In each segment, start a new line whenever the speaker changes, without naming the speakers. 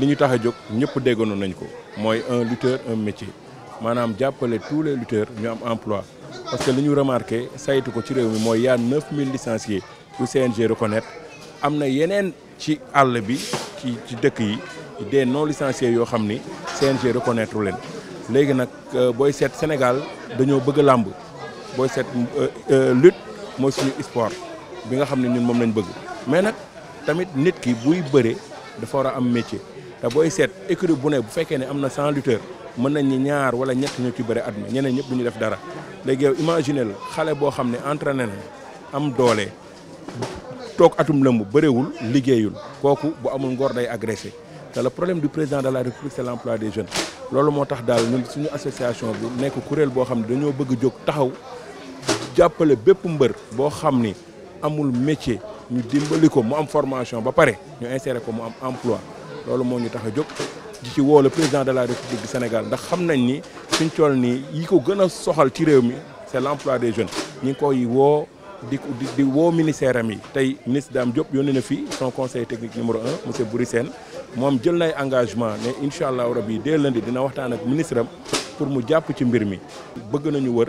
li ñu a ñëpp déggoon nañ ko un lutteur un métier maanaam jàppale tous les lutteurs ñu am emploi parce que nous ñu remarqué saytu ko ci réew mi mooy yaa 9000 licenciés bu CNG reconnaître am na yeneen ci àll bi ci ci yi des non licenciés yoo xam ni CNG reconnaître leen léegi nag euh, booy seet Sénégal dañoo bëgg a làmb booy seet euh, euh, lutte mooy suñu sport bi nga xam ne ñun moom lañu bëgg mais nag tamit nit ki buy bëre dafa war a am métier te booy seet écurie bu ne bu fekkee ne am na cent lutteurs mën nañ ñi ñaar wala ñett ñu ci bëre at ñeneen ñëpp du ñu def dara léegi yow imaginer xale boo xam ne entre na am doole toog atum lëmb bëriwul liggéeyul kooku bu amul ngor day agressé te le problème du président de la république c'est l'emploi des jeunes loolu moo tax daal ñun suñu association bi nekk kuréel boo xam ne dañoo bëgg jóg taxaw jàppale bépp mbeur bo xamni amul métier ñu dimbali ko mu am formation ba paré ñu insérer ko mu am emploi lolu mo ñu tax a di ci le président de la république du Sénégal ndax xam nañ ni suñ tol ni yi ko a soxal ci réew mi c'est l'emploi des jeunes ñi ngi koy wo di di wo ministère am yi tay ministre Dame job yónnee na fi son conseil technique numéro un monsieur Bourissène. mom jël nay engagement Mais, Inshallah, rabbi rabi dès lundi dina waxtaan ak ministre pour mu japp ci mbir mi bëgg nañu wër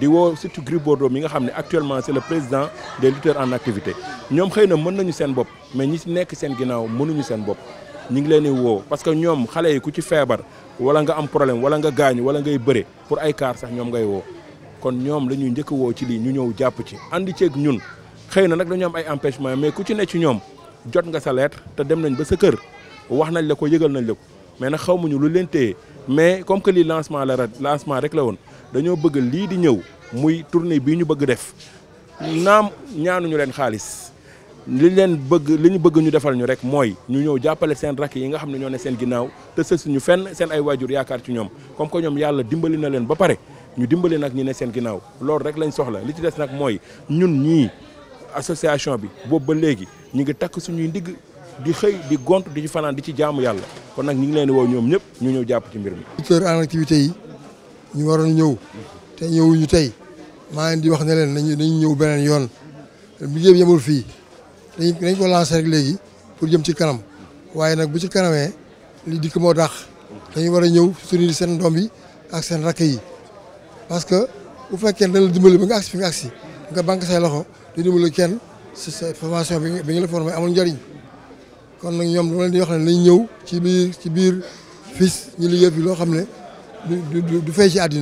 di woo surtout Gris Bordeaux mi nga xam ne actuellement c'est le président des lutteurs en activité ñoom xëy na mën nañu seen bopp mais ñi ci nekk seen ginnaaw mënuñu seen bopp ñu ngi leen di woo parce que ñoom xale yi ku ci feebar wala nga am problème wala nga gaañu wala ngay bëre pour ay kaar sax ñoom ngay woo kon ñoom la ñuy njëkk woo ci lii ñu ñëw jàpp ci ànd ceeg ñun xëy na nag dañu am ay empêchement mais ku ci ne ci ñoom jot nga sa lettre te dem nañ ba sa kër wax nañ la ko yëgal nañ la ko mais nag xaw muñu lu leen téye comme que lii lancement la lancement rek la woon dañoo bëgg lii di ñëw muy tournée bii ñu bëgg def naam ñaanuñu leen xaalis li leen bëgg li ñu bëgg ñu defal ñu rek mooy ñu ñëw jàppale seen rakk yi nga xam ne ñoo ne seen ginnaaw te suñu fenn seen ay waajur yaakaar ci ñoom comme que ñoom yàlla dimbali na leen ba pare ñu dimbali nag ñi ne seen ginnaaw loolu rek lañ soxla li ci des nag mooy ñun ñii association bi boobu ba léegi ñu ngi takk suñuy ndigg di xëy di gont di ci fanaan di ci jaamu yàlla kon nag ñu leen di woo ñoom ñëpp ñu ñëw jàpp ci mbir
mi. ñu waroon ñëw te ñëwuñu tey maa di wax ne leen nañu nañu ñëw beneen yoon liggéey bi yemul fii dañ dañ ko lancé rek léegi pour jëm ci kanam waaye nag bu ci kanamee li dikk moo tax dañu war a ñëw surtout seen doom yi ak seen rakk yi parce que bu fekkee da dimbali ba nga agsi fi nga agsi nga banque say loxo di dimbali kenn si seen formation bi bi nga la formé amul njëriñ kon nag ñoom dama di wax ne nañ ñëw ci biir ci biir fis ñu liggéey bi loo xam ne du du du feeñ